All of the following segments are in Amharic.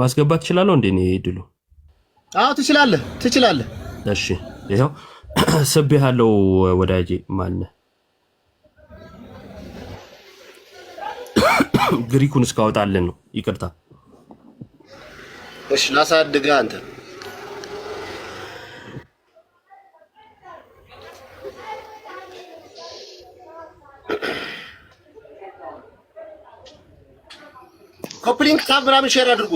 ማስገባት እችላለሁ እንዴ? ነው ይድሉ? አዎ ትችላለህ፣ ትችላለህ። እሺ ይሄው ስቤሃለሁ ወዳጄ። ማነ ግሪኩን እስካወጣልን ነው። ይቅርታ። እሺ ላሳድግህ አንተ ኮፕሊንግ ታብ ምናምን ሼር አድርጉ።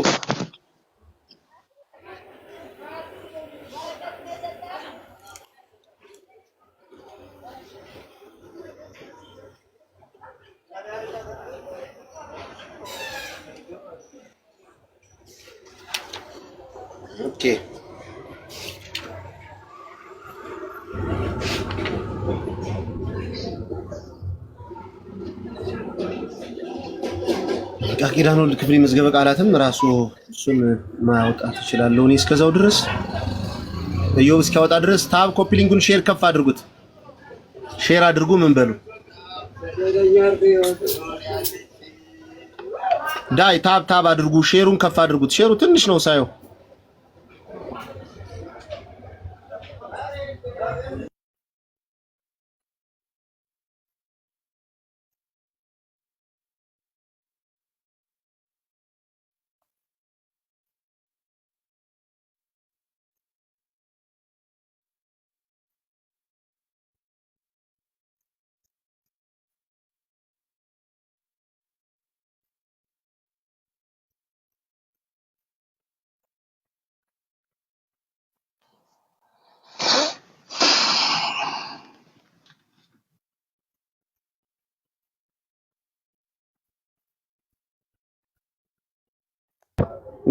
ኦኬ ኪዳኑ ክፍል መዝገበ ቃላትም ራሱ እሱን ማውጣት እችላለሁ እኔ እስከዛው ድረስ እዮብ እስኪያወጣ ድረስ ታብ ኮፒሊንጉን ሼር ከፍ አድርጉት። ሼር አድርጉ። ምን በሉ ዳይ ታብ ታብ አድርጉ። ሼሩን ከፍ አድርጉት። ሼሩ ትንሽ ነው ሳየው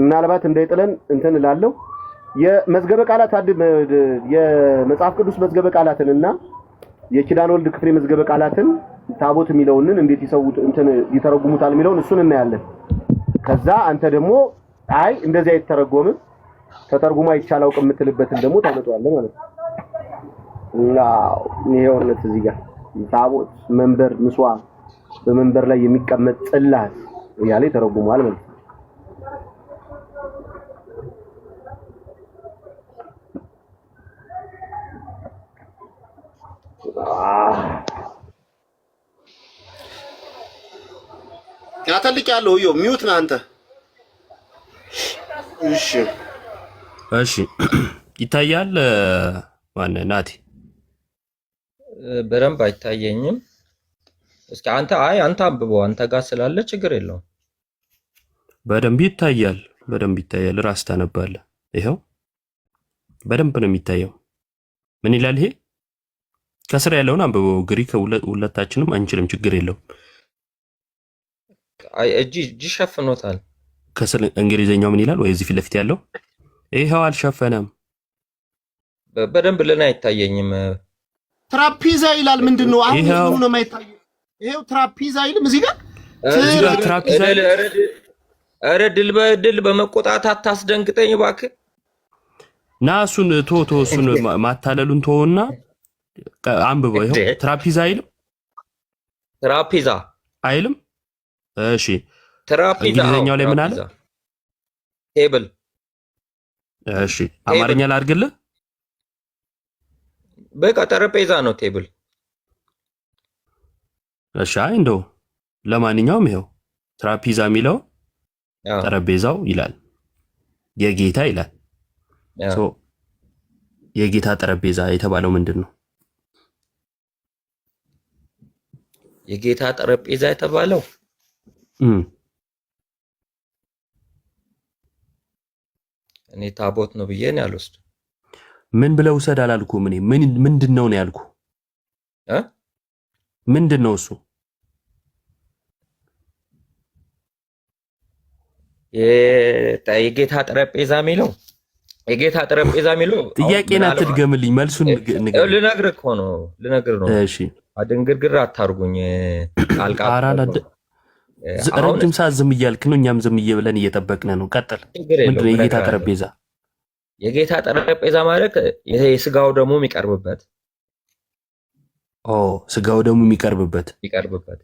ምናልባት እንዳይጥለን እንትን እላለሁ። የመዝገበ ቃላት አድ የመጽሐፍ ቅዱስ መዝገበ ቃላትንና የኪዳን ወልድ ክፍሌ መዝገበ ቃላትን ታቦት የሚለውንን እንዴት ይሰውት እንትን ይተረጉሙታል የሚለውን እሱን እናያለን። ከዛ አንተ ደግሞ አይ እንደዚህ አይተረጎምም ተተርጉማ አይቻል አውቅ የምትልበትን ደግሞ ታመጣዋለህ ማለት ነው። አዎ ይኸውነት እዚህ ጋር ታቦት መንበር፣ ምጽዋ በመንበር ላይ የሚቀመጥ ጽላት እያለ ይተረጉመዋል ማለት ነው። አተልቅ ያለው እዮ ሚውት ነህ አንተ። እሺ እሺ፣ ይታያል ማነህ ናቲ? በደንብ አይታየኝም። እስኪ አንተ አይ አንተ አንብበው አንተ ጋር ስላለ ችግር የለውም። በደንብ ይታያል፣ በደንብ ይታያል። ራስ ታነባለህ። ይኸው በደንብ ነው የሚታየው። ምን ይላል ይሄ? ከስር ያለውን አንብበው። ግሪክ ሁለታችንም አንችልም፣ ችግር የለውም። እጅ እጅ ሸፍኖታል። ከስር እንግሊዝኛው ምን ይላል? ወይ እዚህ ፊት ለፊት ያለው ይኸው አልሸፈነም። በደንብ ልን አይታየኝም። ትራፒዛ ይላል። ምንድን ነው አሁን ሆነ ማይታየ ይኸው ትራፒዛ ይልም እዚህ ጋር ትራፒዛ ኧረ ድል በድል በመቆጣት አታስደንግጠኝ እባክህ። ና እሱን ቶ ቶ እሱን ማታለሉን ቶና አንብበው። ይኸው ትራፒዛ አይልም ትራፒዛ አይልም። እሺ ትራፒዛ እንግሊዝኛው ላይ ምን አለ? ቴብል። እሺ አማርኛ ላድርግልህ። በቃ ጠረጴዛ ነው ቴብል። እሺ አይ እንደው ለማንኛውም ይኸው ትራፒዛ የሚለው ጠረጴዛው ይላል የጌታ ይላል። የጌታ ጠረጴዛ የተባለው ምንድን ነው? የጌታ ጠረጴዛ የተባለው እኔ ታቦት ነው ብዬ ነው ያልወስድ። ምን ብለው ውሰድ አላልኩም። እኔ ምንድን ነው ነው ያልኩ። ምንድን ነው እሱ? የጌታ ጠረጴዛ የሚለው የጌታ ጠረጴዛ የሚለው ጥያቄን አትድገምልኝ። መልሱን ልነግርህ እኮ ነው ልነግርህ ነው። እሺ አድንግርግር አታርጉኝ። ቃልቃ ረጅም ሰዓት ዝም እያልክ ነው፣ እኛም ዝም ብለን እየጠበቅን ነው። ቀጥል። ምንድን የጌታ ጠረጴዛ? የጌታ ጠረጴዛ ማለት የስጋው ደግሞ የሚቀርብበት ስጋው ደግሞ የሚቀርብበት የሚቀርብበት።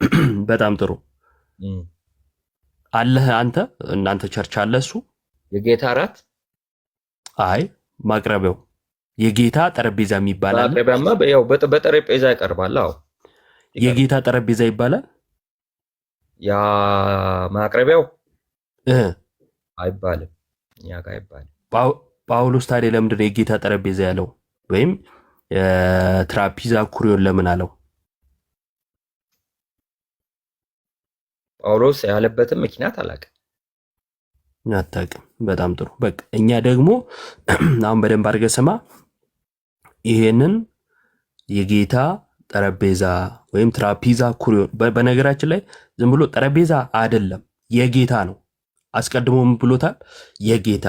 በጣም ጥሩ አለህ አንተ። እናንተ ቸርች አለ እሱ የጌታ እራት። አይ ማቅረቢያው የጌታ ጠረጴዛ የሚባላል። በጠረጴዛ ይቀርባል። አዎ የጌታ ጠረጴዛ ይባላል። ያ ማቅረቢያው አይባልም፣ እኛ ጋ አይባልም። ጳውሎስ ታዲያ ለምንድን ነው የጌታ ጠረጴዛ ያለው? ወይም ትራፒዛ ኩሪዮን ለምን አለው? ጳውሎስ ያለበትን ምክንያት አላውቅም። አታውቅም? በጣም ጥሩ። በቃ እኛ ደግሞ አሁን በደንብ አድርገህ ስማ። ይሄንን የጌታ ጠረጴዛ ወይም ትራፒዛ ኩሪዮን፣ በነገራችን ላይ ዝም ብሎ ጠረጴዛ አይደለም የጌታ ነው። አስቀድሞም ብሎታል የጌታ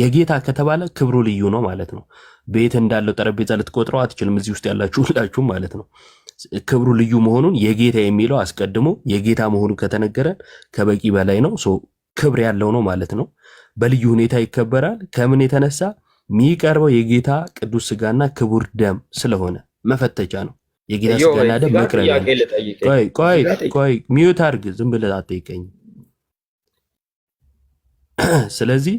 የጌታ ከተባለ ክብሩ ልዩ ነው ማለት ነው። ቤት እንዳለው ጠረጴዛ ልትቆጥረው አትችልም። እዚህ ውስጥ ያላችሁ ሁላችሁም ማለት ነው። ክብሩ ልዩ መሆኑን የጌታ የሚለው አስቀድሞ የጌታ መሆኑ ከተነገረን ከበቂ በላይ ነው። ክብር ያለው ነው ማለት ነው። በልዩ ሁኔታ ይከበራል። ከምን የተነሳ የሚቀርበው የጌታ ቅዱስ ስጋና ክቡር ደም ስለሆነ መፈተቻ ነው። የጌታ ስጋና ደም መቅረቢያ ቆይ ቆይ ሚዩት አድርግ፣ ዝም ብለህ አጠይቀኝ። ስለዚህ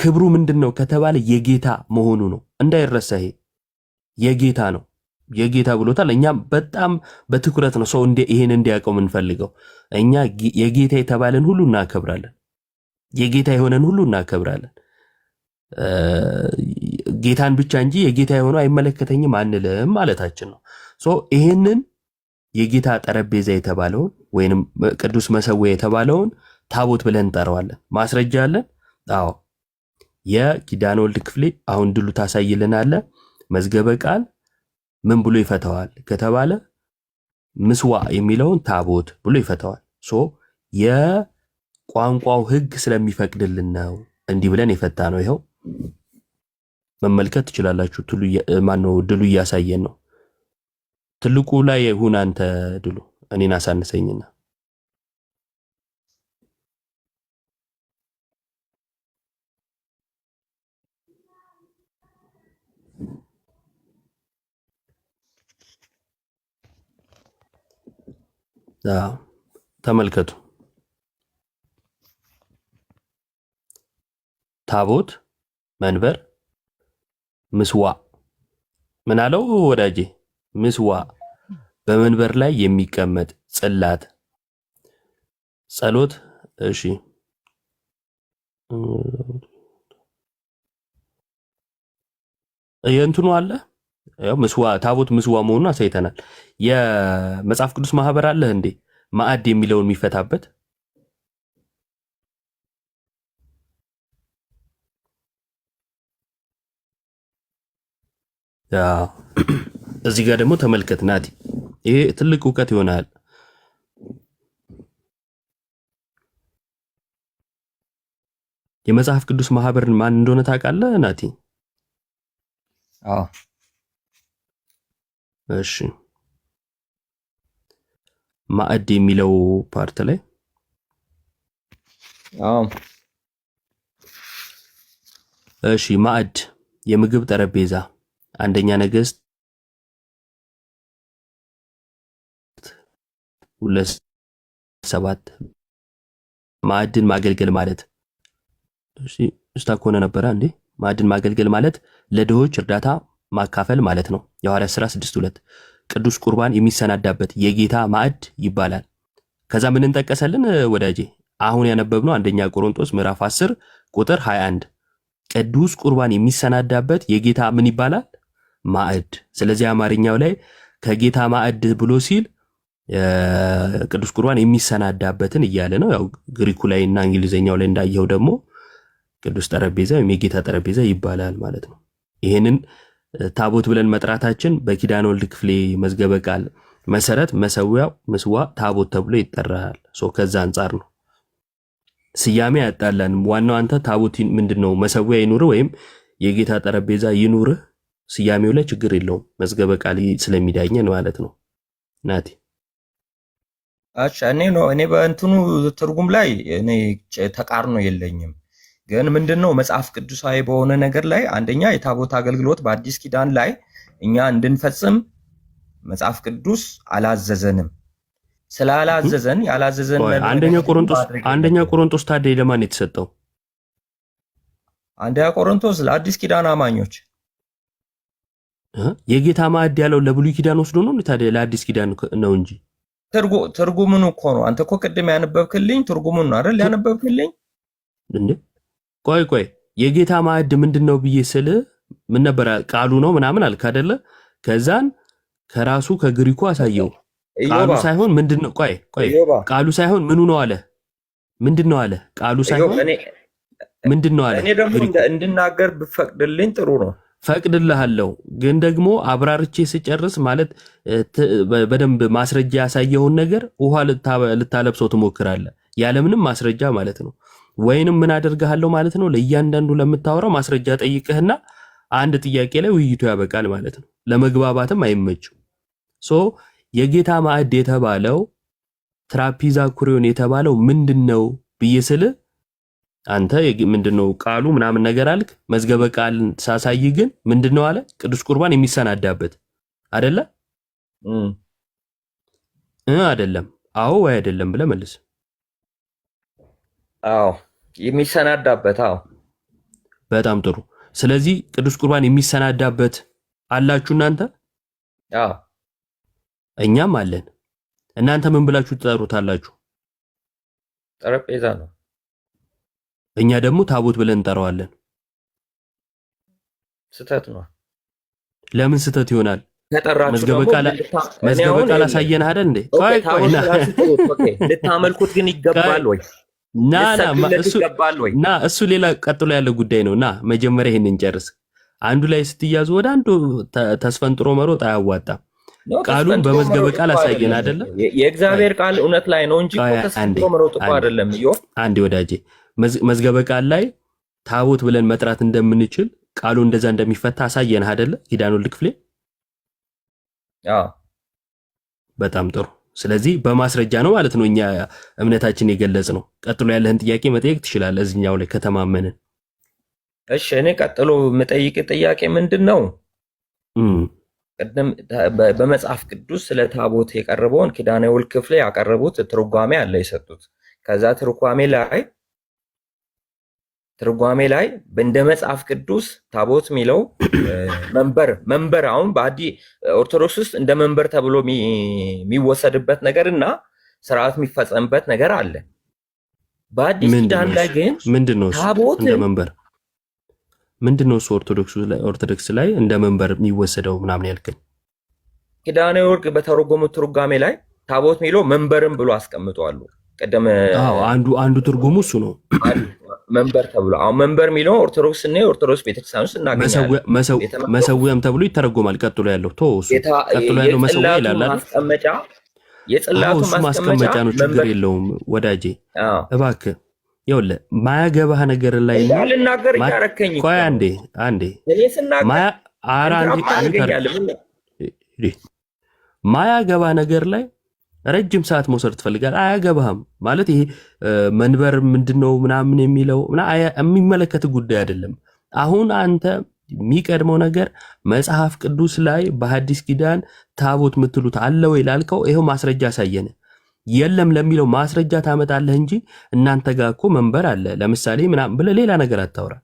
ክብሩ ምንድን ነው ከተባለ የጌታ መሆኑ ነው። እንዳይረሳ ይሄ የጌታ ነው። የጌታ ብሎታል። እኛም በጣም በትኩረት ነው ሰው ይሄን እንዲያውቀው የምንፈልገው። እኛ የጌታ የተባለን ሁሉ እናከብራለን። የጌታ የሆነን ሁሉ እናከብራለን። ጌታን ብቻ እንጂ የጌታ የሆነው አይመለከተኝም አንልም ማለታችን ነው። ይህንን የጌታ ጠረጴዛ የተባለውን ወይንም ቅዱስ መሰዊያ የተባለውን ታቦት ብለን እንጠራዋለን። ማስረጃ አለን። አዎ የኪዳነ ወልድ ክፍሌ አሁን ድሉ ታሳይልናለ መዝገበ ቃል ምን ብሎ ይፈተዋል ከተባለ ምስዋ የሚለውን ታቦት ብሎ ይፈተዋል። የቋንቋው ሕግ ስለሚፈቅድልን ነው እንዲህ ብለን የፈታ ነው ይኸው መመልከት ትችላላችሁ። ትሉ ማነው ድሉ እያሳየን ነው። ትልቁ ላይ ሁን አንተ ድሉ እኔን አሳንሰኝና ተመልከቱ ታቦት መንበር ምስዋ ምን አለው ወዳጄ? ምስዋ በመንበር ላይ የሚቀመጥ ጽላት ጸሎት። እሺ የእንትኑ አለ ያው ምስዋ ታቦት ምስዋ መሆኑን አሳይተናል። የመጽሐፍ ቅዱስ ማህበር አለ እንዴ ማዕድ የሚለውን የሚፈታበት እዚህ ጋር ደግሞ ተመልከት ናቲ፣ ይሄ ትልቅ እውቀት ይሆናል። የመጽሐፍ ቅዱስ ማህበር ማን እንደሆነ ታውቃለህ ናቲ? እሺ ማዕድ የሚለው ፓርት ላይ እሺ ማዕድ የምግብ ጠረጴዛ አንደኛ ነገሥት ሁለት ሰባት ማዕድን ማገልገል ማለት እሺ፣ እስታኮነ ነበረ እንዴ? ማዕድን ማገልገል ማለት ለድሆች እርዳታ ማካፈል ማለት ነው። የሐዋርያት ሥራ 2 ቅዱስ ቁርባን የሚሰናዳበት የጌታ ማዕድ ይባላል። ከዛ ምን እንጠቀሰልን ወዳጄ? አሁን ያነበብነው አንደኛ ቆሮንቶስ ምዕራፍ 10 ቁጥር 21 ቅዱስ ቁርባን የሚሰናዳበት የጌታ ምን ይባላል? ማዕድ። ስለዚህ አማርኛው ላይ ከጌታ ማዕድ ብሎ ሲል ቅዱስ ቁርባን የሚሰናዳበትን እያለ ነው። ያው ግሪኩ ላይ እና እንግሊዝኛው ላይ እንዳየው ደግሞ ቅዱስ ጠረጴዛ ወይም የጌታ ጠረጴዛ ይባላል ማለት ነው። ይህንን ታቦት ብለን መጥራታችን በኪዳነ ወልድ ክፍሌ መዝገበ ቃል መሰረት መሰዊያው ምስዋ ታቦት ተብሎ ይጠራል። ከዛ አንጻር ነው ስያሜ ያጣለን። ዋናው አንተ ታቦት ምንድን ነው መሰዊያ ይኑርህ ወይም የጌታ ጠረጴዛ ይኑርህ ስያሜው ላይ ችግር የለውም። መዝገበ ቃል ስለሚዳኘን ማለት ነው። ናቲ እኔ ነው እኔ በእንትኑ ትርጉም ላይ እኔ ተቃርኖ የለኝም። ግን ምንድነው መጽሐፍ ቅዱሳዊ በሆነ ነገር ላይ አንደኛ የታቦት አገልግሎት በአዲስ ኪዳን ላይ እኛ እንድንፈጽም መጽሐፍ ቅዱስ አላዘዘንም። ስላላዘዘን ያላዘዘን አንደኛ ቆሮንቶስ አንደኛ ቆሮንቶስ ታዲያ ለማን የተሰጠው? አንደኛ ቆሮንቶስ ለአዲስ ኪዳን አማኞች የጌታ ማዕድ ያለው ለብሉይ ኪዳን ወስዶ ነው ታዲያ? ለአዲስ ኪዳን ነው እንጂ ትርጉሙን እኮ ነው። አንተ እኮ ቅድም ያነበብክልኝ ትርጉሙን ነው አይደል ያነበብክልኝ? እንዴ ቆይ ቆይ፣ የጌታ ማዕድ ምንድን ነው ብዬ ስል ምን ነበረ? ቃሉ ነው ምናምን አልክ አይደለ? ከዛን ከራሱ ከግሪኩ አሳየው። ቃሉ ሳይሆን ምንድን ነው? ቆይ ቆይ፣ ቃሉ ሳይሆን ምኑ ነው አለ? ምንድን ነው አለ? ቃሉ ሳይሆን ምንድን ነው አለ? እኔ ደግሞ እንድናገር ብፈቅድልኝ ጥሩ ነው። ፈቅድልሃለሁ ግን ደግሞ አብራርቼ ስጨርስ ማለት በደንብ ማስረጃ ያሳየውን ነገር ውሃ ልታለብሰው ትሞክራለህ፣ ያለምንም ማስረጃ ማለት ነው። ወይንም ምን አደርግሃለሁ ማለት ነው፣ ለእያንዳንዱ ለምታወራው ማስረጃ ጠይቅህና አንድ ጥያቄ ላይ ውይይቱ ያበቃል ማለት ነው። ለመግባባትም አይመችም። ሶ የጌታ ማዕድ የተባለው ትራፒዛ ኩሪዮን የተባለው ምንድን ነው ብዬ ስልህ አንተ ምንድነው ቃሉ ምናምን ነገር አልክ። መዝገበ ቃል ሳሳይ ግን ምንድነው አለ ቅዱስ ቁርባን የሚሰናዳበት አደለ እ አደለም አዎ ወይ አይደለም ብለህ መልስ። አዎ የሚሰናዳበት። አዎ በጣም ጥሩ። ስለዚህ ቅዱስ ቁርባን የሚሰናዳበት አላችሁ እናንተ? አዎ እኛም አለን። እናንተ ምን ብላችሁ ትጠሩታላችሁ? ጠረጴዛ ነው እኛ ደግሞ ታቦት ብለን እንጠራዋለን። ስተት ነው። ለምን ስተት ይሆናል? መዝገበ ቃል አሳየን አይደል እንዴ? ልታመልኩት ግን ይገባል ወይ? ና ና እሱ ና እሱ ሌላ ቀጥሎ ያለ ጉዳይ ነው። ና መጀመሪያ ይህን እንጨርስ። አንዱ ላይ ስትያዙ ወደ አንዱ ተስፈንጥሮ መሮጥ አያዋጣም። ቃሉን በመዝገበ ቃል አሳየን አይደለም። የእግዚአብሔር ቃል እውነት ላይ ነው እንጂ ተስፈንጥሮ መሮጥ እኮ አይደለም። አንዴ ወዳጄ መዝገበ ቃል ላይ ታቦት ብለን መጥራት እንደምንችል ቃሉ እንደዛ እንደሚፈታ አሳየን አደለ? ኪዳኑ ልክፍሌ። በጣም ጥሩ። ስለዚህ በማስረጃ ነው ማለት ነው እኛ እምነታችን የገለጽ ነው። ቀጥሎ ያለህን ጥያቄ መጠየቅ ትችላለህ፣ እዚኛው ላይ ከተማመንን። እሺ፣ እኔ ቀጥሎ የምጠይቅ ጥያቄ ምንድን ነው? ቅድም በመጽሐፍ ቅዱስ ስለ ታቦት የቀረበውን ኪዳነ ውል ክፍሌ ያቀረቡት ትርጓሜ አለ የሰጡት። ከዛ ትርጓሜ ላይ ትርጓሜ ላይ እንደ መጽሐፍ ቅዱስ ታቦት የሚለው መንበር መንበር አሁን በአዲ ኦርቶዶክስ ውስጥ እንደ መንበር ተብሎ የሚወሰድበት ነገር እና ስርዓት የሚፈጸምበት ነገር አለ። በአዲስ ኪዳን ላይ ግን ምንድን ነው ታቦት እንደ መንበር ምንድን ነው ኦርቶዶክስ ላይ እንደ መንበር የሚወሰደው ምናምን ያልከኝ ኪዳነ ወርቅ በተረጎሙት ትርጓሜ ላይ ታቦት የሚለው መንበርን ብሎ አስቀምጠዋሉ። ቅድም አንዱ አንዱ ትርጉሙ እሱ ነው። መንበር ተብሎ አሁን መንበር የሚለው ኦርቶዶክስ እና የኦርቶዶክስ ቤተክርስቲያን ውስጥ እናገኛለን። መሰዊያም ተብሎ ይተረጎማል። ቀጥሎ ያለው ቀጥሎ የጽላቱ ማስቀመጫ ነው። ችግር የለውም ወዳጄ፣ እባክህ ይኸውልህ፣ ማያገባህ ነገር ላይ ልናገር እያረከኝ ቆይ፣ አንዴ አንዴ ማያገባህ ነገር ላይ ረጅም ሰዓት መውሰድ ትፈልጋል። አያገባህም ማለት ይሄ መንበር ምንድነው ምናምን የሚለው የሚመለከት ጉዳይ አይደለም። አሁን አንተ የሚቀድመው ነገር መጽሐፍ ቅዱስ ላይ በሐዲስ ኪዳን ታቦት የምትሉት አለ ወይ ላልከው ይኸው ማስረጃ አሳየን። የለም ለሚለው ማስረጃ ታመጣለህ እንጂ እናንተ ጋር እኮ መንበር አለ ለምሳሌ ምናምን ብለህ ሌላ ነገር አታውራ።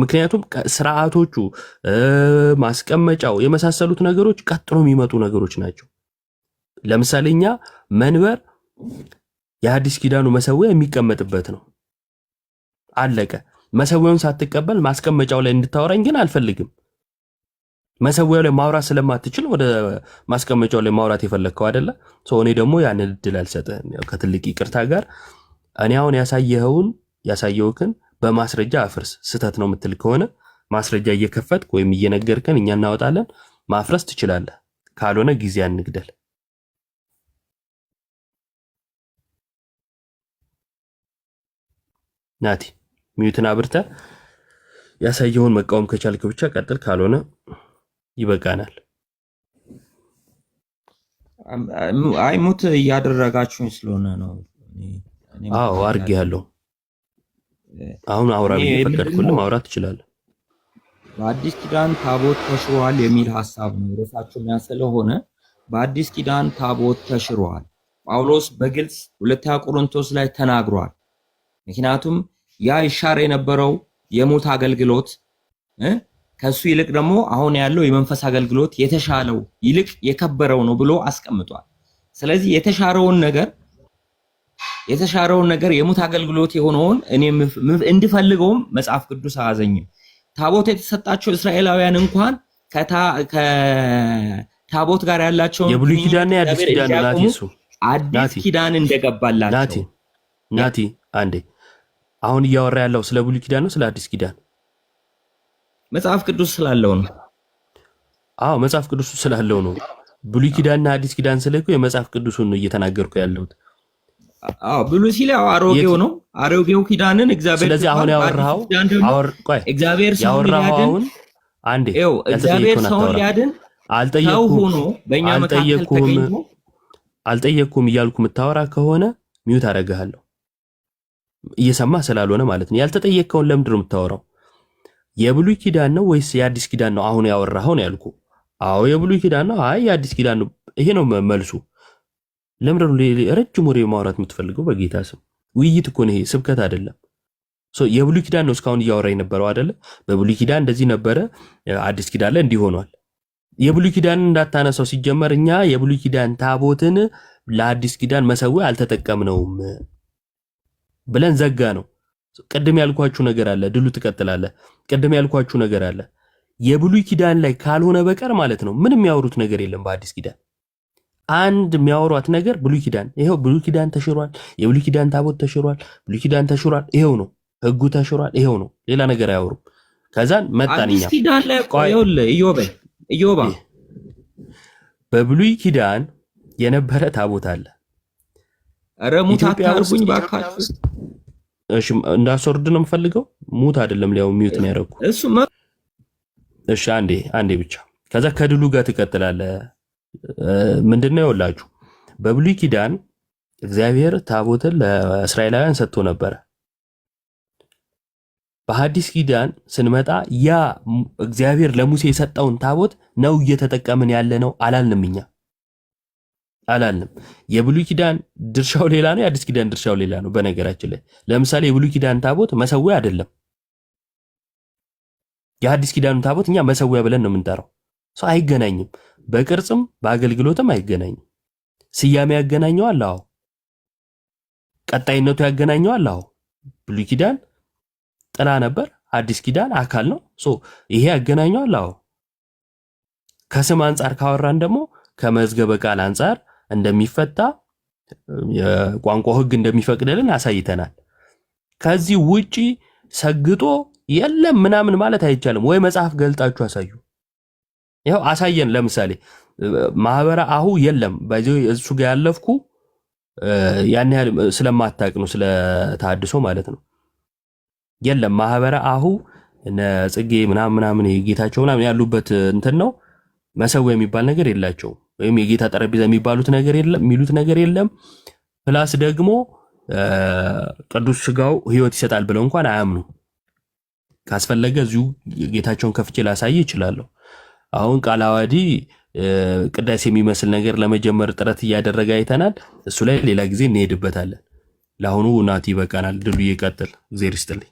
ምክንያቱም ስርዓቶቹ፣ ማስቀመጫው የመሳሰሉት ነገሮች ቀጥሎ የሚመጡ ነገሮች ናቸው። ለምሳሌ እኛ መንበር የሐዲስ ኪዳኑ መሰዊያ የሚቀመጥበት ነው። አለቀ። መሰዊያውን ሳትቀበል ማስቀመጫው ላይ እንድታወራኝ ግን አልፈልግም። መሰዊያው ላይ ማውራት ስለማትችል ወደ ማስቀመጫው ላይ ማውራት የፈለግከው አይደለ? እኔ ደግሞ ያንን እድል አልሰጥህም። ከትልቅ ይቅርታ ጋር እኔ አሁን ያሳየኸውን ያሳየውክን በማስረጃ አፍርስ። ስህተት ነው የምትል ከሆነ ማስረጃ እየከፈትክ ወይም እየነገርከን እኛ እናወጣለን። ማፍረስ ትችላለህ። ካልሆነ ጊዜ አንግደል። ናቲ ሚዩትን አብርተ ያሳየውን መቃወም ከቻልክ ብቻ ቀጥል፣ ካልሆነ ይበቃናል። አይ ሙት እያደረጋችሁኝ ስለሆነ ነው። አዎ አርግ ያለው አሁን አውራ ፈቀድኩልህ፣ ማውራት ትችላለህ። በአዲስ ኪዳን ታቦት ተሽሯል የሚል ሀሳብ ነው ርዕሳቸው ያ ስለሆነ በአዲስ ኪዳን ታቦት ተሽሯል። ጳውሎስ በግልጽ ሁለተኛ ቆሮንቶስ ላይ ተናግሯል። ምክንያቱም ያ ይሻር የነበረው የሞት አገልግሎት ከሱ ይልቅ ደግሞ አሁን ያለው የመንፈስ አገልግሎት የተሻለው ይልቅ የከበረው ነው ብሎ አስቀምጧል። ስለዚህ የተሻረውን ነገር የተሻረውን ነገር የሞት አገልግሎት የሆነውን እኔ እንድፈልገውም መጽሐፍ ቅዱስ አያዘኝም። ታቦት የተሰጣቸው እስራኤላውያን እንኳን ከታቦት ጋር ያላቸውን የብሉይ ኪዳን አዲስ ኪዳን እንደገባላቸው ናቲ አንዴ፣ አሁን እያወራ ያለው ስለ ብሉይ ኪዳን ነው ስለ አዲስ ኪዳን? መጽሐፍ ቅዱስ ስላለው ነው። አዎ መጽሐፍ ቅዱስ ስላለው ነው። ብሉይ ኪዳንና አዲስ ኪዳን ስለኮ የመጽሐፍ ቅዱሱን ነው እየተናገርኩ ያለሁት። አዎ ብሉይ ሲል ያው አሮጌው ነው። አሮጌው ኪዳንን እግዚአብሔር ስለዚህ አሁን ያወራው እግዚአብሔር ሰውን ሊያድን አንዴ እግዚአብሔር ሰውን ሊያድን አልጠየቅኩም በእኛ መካከል አልጠየቅኩም እያልኩ የምታወራ ከሆነ ሚውት አደርግሃለሁ። እየሰማ ስላልሆነ ማለት ነው። ያልተጠየቅከውን ለምንድን ነው የምታወራው? የብሉይ ኪዳን ነው ወይስ የአዲስ ኪዳን ነው አሁን ያወራኸው ነው ያልኩ። አዎ የብሉይ ኪዳን ነው። አይ የአዲስ ኪዳን ነው። ይሄ ነው መልሱ። ለምንድን ነው ረጅም ወሬ ማውራት የምትፈልገው? በጌታ ስም ውይይት እኮ ነው ይሄ፣ ስብከት አይደለም። የብሉይ ኪዳን ነው እስካሁን እያወራ የነበረው አይደለ? በብሉይ ኪዳን እንደዚህ ነበረ፣ አዲስ ኪዳን ላይ እንዲህ ሆኗል። የብሉይ ኪዳን እንዳታነሳው ሲጀመር፣ እኛ የብሉይ ኪዳን ታቦትን ለአዲስ ኪዳን መሰዊያ አልተጠቀምነውም። ብለን ዘጋ ነው። ቅድም ያልኳችሁ ነገር አለ። ድሉ ትቀጥላለ። ቅድም ያልኳችሁ ነገር አለ። የብሉይ ኪዳን ላይ ካልሆነ በቀር ማለት ነው ምንም የሚያወሩት ነገር የለም። በአዲስ ኪዳን አንድ የሚያወሯት ነገር ብሉይ ኪዳን ይሄው፣ ብሉይ ኪዳን ተሽሯል፣ የብሉይ ኪዳን ታቦት ተሽሯል፣ ብሉይ ኪዳን ተሽሯል፣ ይሄው ነው ህጉ ተሽሯል፣ ይሄው ነው። ሌላ ነገር አያወሩም። ከዛን መጣን በብሉይ ኪዳን የነበረ ታቦት አለ። ኧረ ሙት አታርጉኝ ባካችሁ። እንዳስወርድ ነው የምፈልገው። ሙት አይደለም ሊያው ሚዩት ነው ያደረኩ። እሺ አንዴ አንዴ ብቻ። ከዛ ከድሉ ጋር ትቀጥላለ ምንድነው የወላችሁ? በብሉይ ኪዳን እግዚአብሔር ታቦትን ለእስራኤላውያን ሰጥቶ ነበረ። በሐዲስ ኪዳን ስንመጣ ያ እግዚአብሔር ለሙሴ የሰጠውን ታቦት ነው እየተጠቀምን ያለ ነው አላልንም እኛ አላልንም። የብሉይ ኪዳን ድርሻው ሌላ ነው፣ የአዲስ ኪዳን ድርሻው ሌላ ነው። በነገራችን ላይ ለምሳሌ የብሉይ ኪዳን ታቦት መሰዊያ አይደለም። የአዲስ ኪዳኑ ታቦት እኛ መሰዊያ ብለን ነው የምንጠራው። ሰው አይገናኝም፣ በቅርጽም በአገልግሎትም አይገናኝም። ስያሜ ያገናኘዋል፣ አዎ። ቀጣይነቱ ያገናኘዋል፣ አዎ። ብሉይ ኪዳን ጥላ ነበር፣ አዲስ ኪዳን አካል ነው። ይሄ ያገናኘዋል፣ አዎ። ከስም አንጻር ካወራን ደግሞ ከመዝገበ ቃል አንጻር እንደሚፈታ የቋንቋው ህግ እንደሚፈቅድልን አሳይተናል። ከዚህ ውጪ ሰግጦ የለም ምናምን ማለት አይቻልም። ወይ መጽሐፍ ገልጣችሁ አሳዩ። ይኸው አሳየን። ለምሳሌ ማህበረ አሁ የለም በዚህ እሱ ጋር ያለፍኩ ያን ያህል ስለማታቅ ነው፣ ስለታድሶ ማለት ነው። የለም ማህበረ አሁ እነ ጽጌ ምናምን ምናምን ጌታቸው ምናምን ያሉበት እንትን ነው መሰዊያ የሚባል ነገር የላቸውም። ወይም የጌታ ጠረጴዛ የሚባሉት ነገር የለም የሚሉት ነገር የለም። ፕላስ ደግሞ ቅዱስ ስጋው ህይወት ይሰጣል ብለው እንኳን አያምኑ። ካስፈለገ እዚሁ ጌታቸውን ከፍቼ ላሳይ ይችላለሁ። አሁን ቃለ አዋዲ ቅዳሴ የሚመስል ነገር ለመጀመር ጥረት እያደረገ አይተናል። እሱ ላይ ሌላ ጊዜ እንሄድበታለን። ለአሁኑ ናት ይበቃናል። ድሉ ይቀጥል። እግዜር ይስጥልኝ።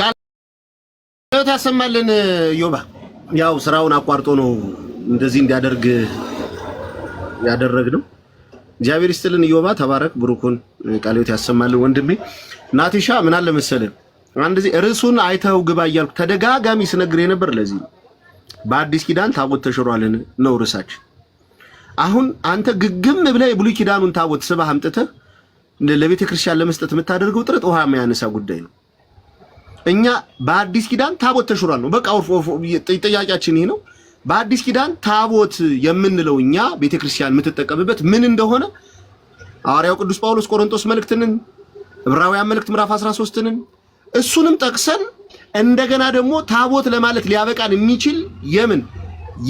ቃል ያሰማልን። ዮባ ያው ስራውን አቋርጦ ነው እንደዚህ እንዲያደርግ ነው እግዚአብሔር ይስጥልን። እዮባ ተባረክ፣ ብሩኩን ቃልዮት ያሰማልን ወንድሜ። ናቲሻ ምን አለ መሰለን አንድ ጊዜ ርዕሱን አይተው ግባ እያልኩ ተደጋጋሚ ስነግር የነበር ለዚህ በአዲስ ኪዳን ታቦት ተሽሯልን ነው ርዕሳችን። አሁን አንተ ግግም ብለህ የብሉይ ኪዳኑን ታቦት ስባህ አምጥተህ ለቤተ ክርስቲያን ለመስጠት የምታደርገው ጥረት ውሃ የሚያነሳ ጉዳይ ነው። እኛ በአዲስ ኪዳን ታቦት ተሽሯል ነው በቃ ጥያቄያችን ይህ ነው። በአዲስ ኪዳን ታቦት የምንለው እኛ ቤተክርስቲያን የምትጠቀምበት ምን እንደሆነ ሐዋርያው ቅዱስ ጳውሎስ ቆሮንቶስ መልእክትንን ዕብራውያን መልእክት ምዕራፍ 13ንን እሱንም ጠቅሰን እንደገና ደግሞ ታቦት ለማለት ሊያበቃን የሚችል የምን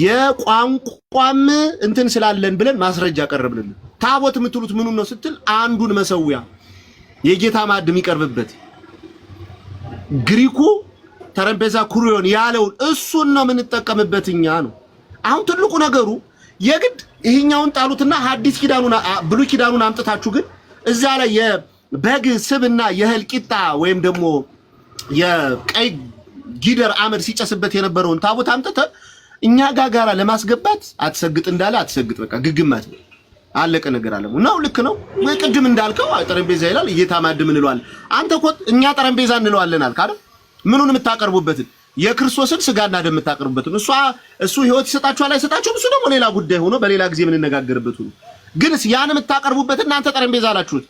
የቋንቋም እንትን ስላለን ብለን ማስረጃ ቀረብልን። ታቦት የምትሉት ምኑን ነው ስትል አንዱን መሰዊያ የጌታ ማዕድ የሚቀርብበት ግሪኩ ጠረጴዛ ኩሪዮን ያለውን እሱን ነው የምንጠቀምበት እኛ ነው። አሁን ትልቁ ነገሩ የግድ ይሄኛውን ጣሉትና ሐዲስ ኪዳኑን ብሉይ ኪዳኑን አምጥታችሁ ግን እዛ ላይ የበግ ስብና የእህል ቂጣ ወይም ደግሞ የቀይ ጊደር አመድ ሲጨስበት የነበረውን ታቦት አምጥተ እኛ ጋጋራ ለማስገባት አትሰግጥ እንዳለ አትሰግጥ። በቃ ግግማት ነው አለቀ። ነገር አለ ነው። ልክ ነው። ቅድም እንዳልከው ጠረጴዛ ይላል፣ እየታማድ ምን እንለዋለን? አንተ እኮ እኛ ጠረጴዛ እንለዋለን አልክ አይደል? ምኑን የምታቀርቡበትን የክርስቶስን ስጋና ደም የምታቀርቡበትን እሷ እሱ ህይወት ይሰጣችኋል አይሰጣችሁም፣ እሱ ደግሞ ሌላ ጉዳይ ሆኖ በሌላ ጊዜ የምንነጋገርበት ሆኖ፣ ግንስ ያን የምታቀርቡበት እናንተ ጠረጴዛ አላችሁት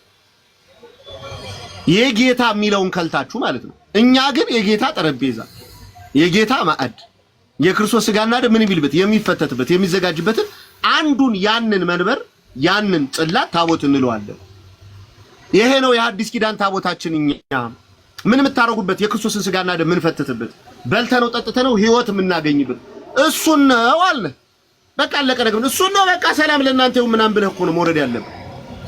የጌታ የሚለውን ከልታችሁ ማለት ነው። እኛ ግን የጌታ ጠረጴዛ የጌታ ማዕድ የክርስቶስ ስጋና ደም ምን የሚልበት የሚፈተትበት የሚዘጋጅበትን አንዱን ያንን መንበር ያንን ጽላት ታቦት እንለዋለን። ይሄ ነው የአዲስ ኪዳን ታቦታችን እኛ ምን የምታረጉበት የክርስቶስን ስጋና ደም የምንፈትትበት በልተነው ጠጥተነው ህይወት የምናገኝበት እሱን ነው አለ። በቃ አለቀ ነገር እሱን ነው በቃ ሰላም ለእናንተ ይሁን ምናምን ብለህ እኮ ነው መውረድ ያለብህ።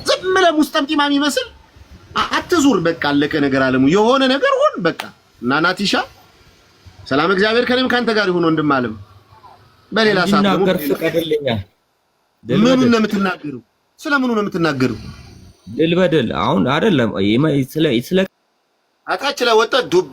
ዝም ብለህ ሙስጠምጢማ የሚመስል አትዙር። በቃ አለቀ ነገር አለሙ የሆነ ነገር ሁን በቃ እና ናቲሻ ሰላም እግዚአብሔር ከኔም ካንተ ጋር ይሁን ወንድም አለም። በሌላ ሰዓት ደግሞ ምኑን ነው የምትናገረው? ስለምኑ ነው የምትናገረው? ድል አሁን አይደለም ስለ አታች ላይ ወጣ ዱብ